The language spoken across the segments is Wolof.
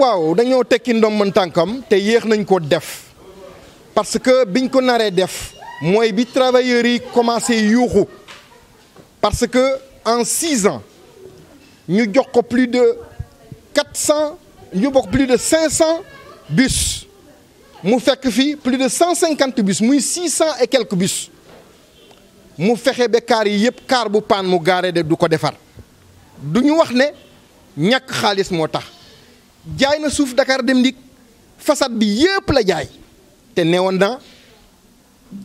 waaw dañoo tekki ndombal tànkam te yéex nañ ko def parce que biñ ko naree def mooy bi travailleurs yi commencé yuuxu parce que en six ans ñu jox ko plus de quatre cent ñu bokk de cinq cent bus mu fekk fii plus de cent cinquante bus muy six cent et quelques bus mu fexe ba kaar yi yëpp kaar bu paan mu gaaree de du ko defar du ñu wax ne ñàkk xaalis moo tax. jaay na suuf Dakar dem dik façade bi yëpp la jaay te newoon na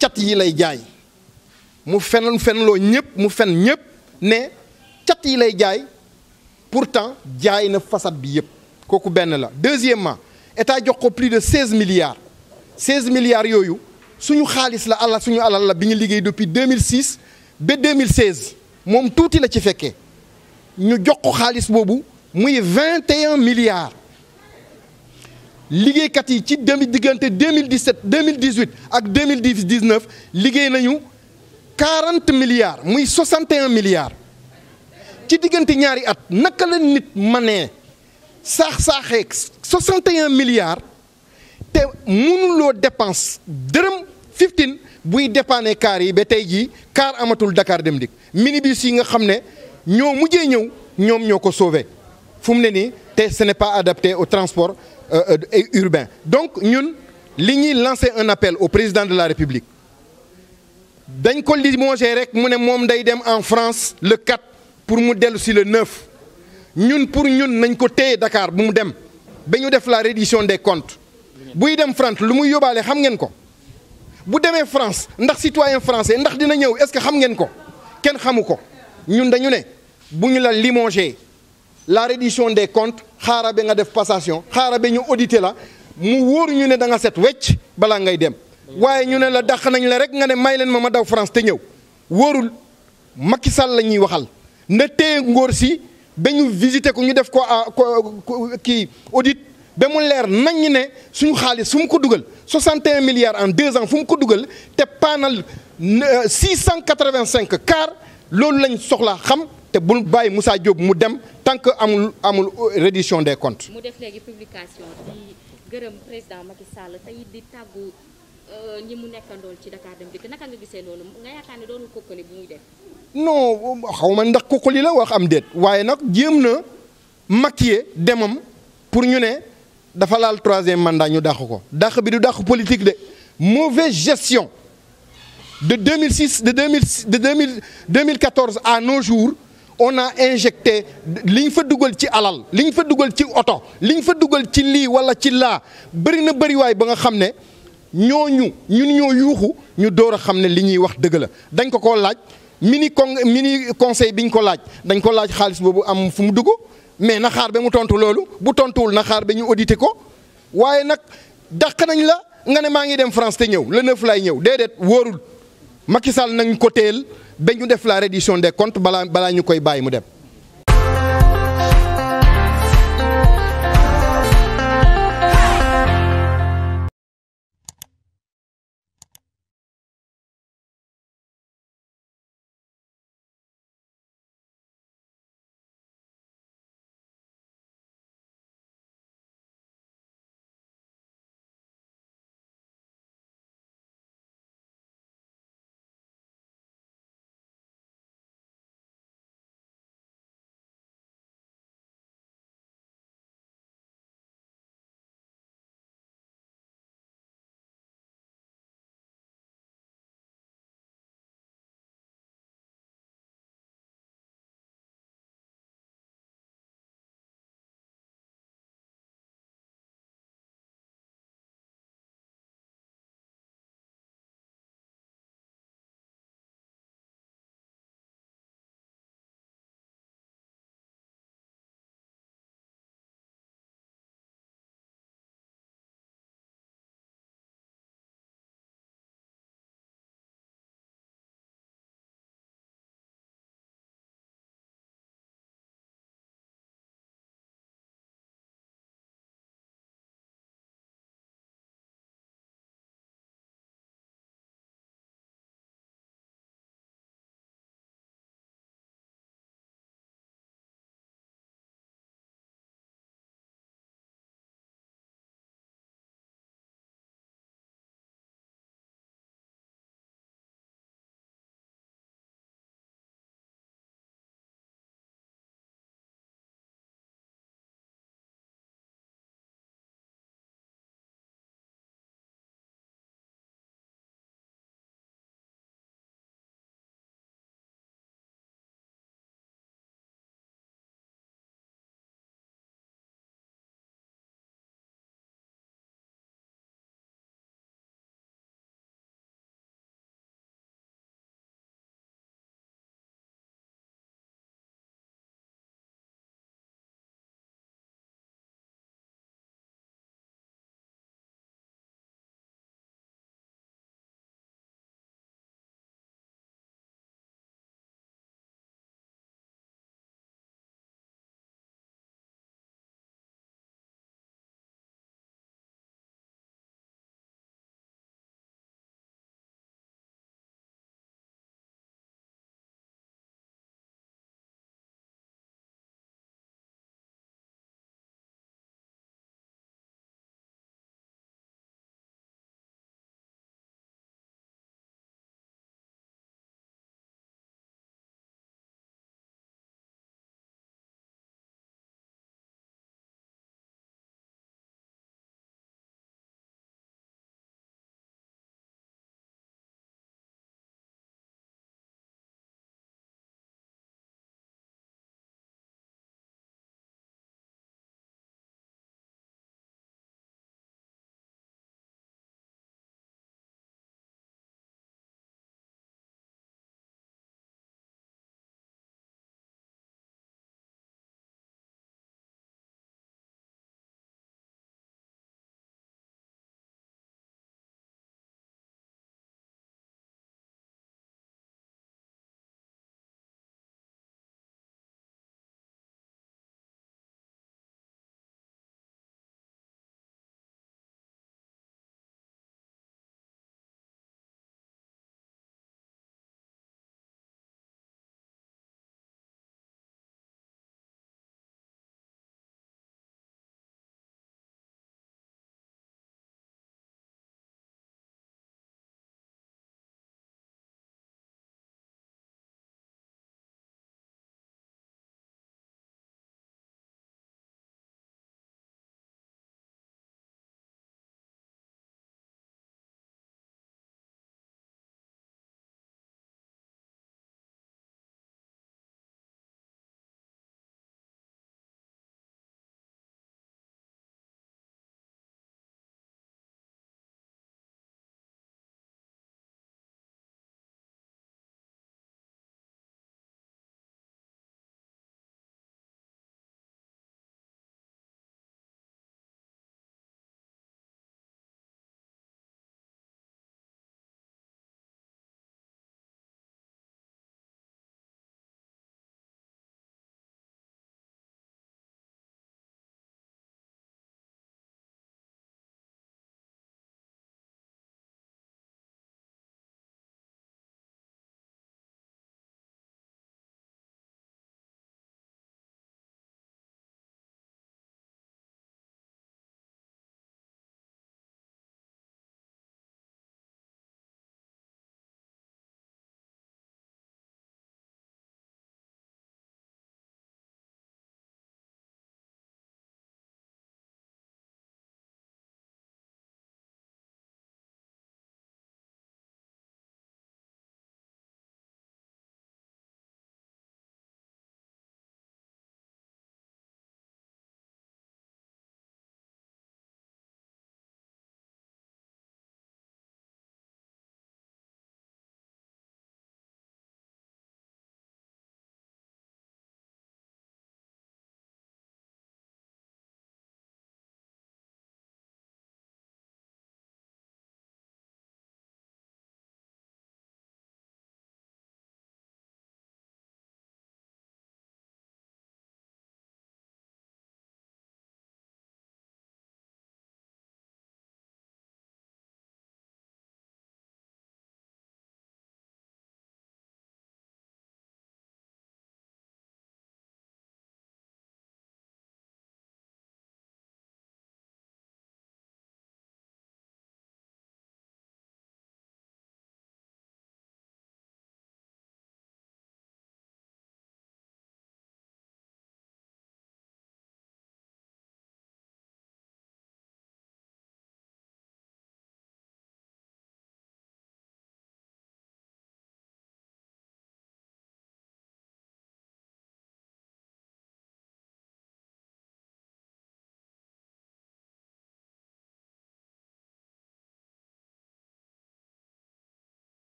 cat yi lay jaay mu fenn fenloo ñëpp mu fen ñëpp ne cat yi lay jaay pourtant jaay na façade bi yëpp kooku benn la deuxièmement état jox ko plus de seize milliards seize milliards yooyu suñu xaalis la ala suñu alal la bi ñu liggéey depuis 2006 ba 2016 moom tuuti la ci fekkee ñu jox ko xaalis boobu muy 21 milliards liggéeykat yi ci demi diggante 2017 2018 ak 2019 liggéey nañu 40 milliards muy 61 milliards ci diggante ñaari at naka la nit manee saax saaxee milliards te mënuloo dépense dërëm 15 buy dépanner kaar yi ba tey jii kaar amatul Dakar Dem Dikk minibus yi nga xam ne ñoo mujjee ñëw ñoom ñoo ko sauvé. fu mu ne nii te ce n'est pas adapté au transport euh, euh, urbain donc ñun li ñuy lancer un appel au président de la République dañ ko limogé rek mu ne moom day dem en France le 4 pour mu dellu si le 9 ñun pour ñun nañ ko téye Dakar bu mu dem ba def la reddition des comptes buy dem France lu muy yóbbaale xam ngeen ko bu demee France ndax citoyen français ndax dina ñëw est-ce que xam ngeen ko kenn xamu ko ñun dañu ne bu ñu la limogé la reddition des comptes xaara ba nga def passation xaara ba ñu audité la mu wóor ñu ne danga nga set wecc balaa ngay dem waaye ñu ne la dàq nañu la rek nga ne may leen ma ma daw France te ñëw wóorul Macky Sall la ñuy waxal na téye ngóor si ba ñu ko ñu def ah, ko kii audit ba mu leer nañ ne suñu xaalis fu mu ko dugal 61 milliards en deux ans fu mu ko dugal te paanal 685 euh, car loolu lañ soxla xam te bul bàyyi Moussa Diop mu dem tant que amul amul euh, reddition des comptes. mu def léegi publication di gërëm président Macky Sall tey di tàggu euh, ñi mu nekkandool ci Dakar dem dikk naka nga yaakaar ne doonul kokkali bu muy def. non xaw ma ndax kokkali la wax am déet waaye nag jéem na maquiller demam pour ñu ne dafa laal troisième mandat ñu dàq ko dàq bi du dàq politique de mauvaise gestion de 2006 mille 2000 de 2000 2014 à nos jours. on a injecté li ñu fa dugal ci alal li ñu fa dugal ci oto li ñu fa dugal ci lii wala ci laa bëri na bëriwaay ba nga xam ne ñooñu ñun ñoo yuuxu ñu door a xam ne li ñuy wax dëgg la dañ ko ko laaj mini con mini conseil bi ñu ko laaj dañ ko laaj xaalis boobu am fu mu dugg mais na xaar ba mu tontu loolu bu tontuwul na xaar ba ñu audité ko waaye nag daq nañ la nga ne maa ngi dem France te ñëw le neuf lay ñëw déedéet wóorul Macky Sall nañ ko teel. ba ñu def la reddition de comptes balaa balaa ñu koy bàyyi mu dem.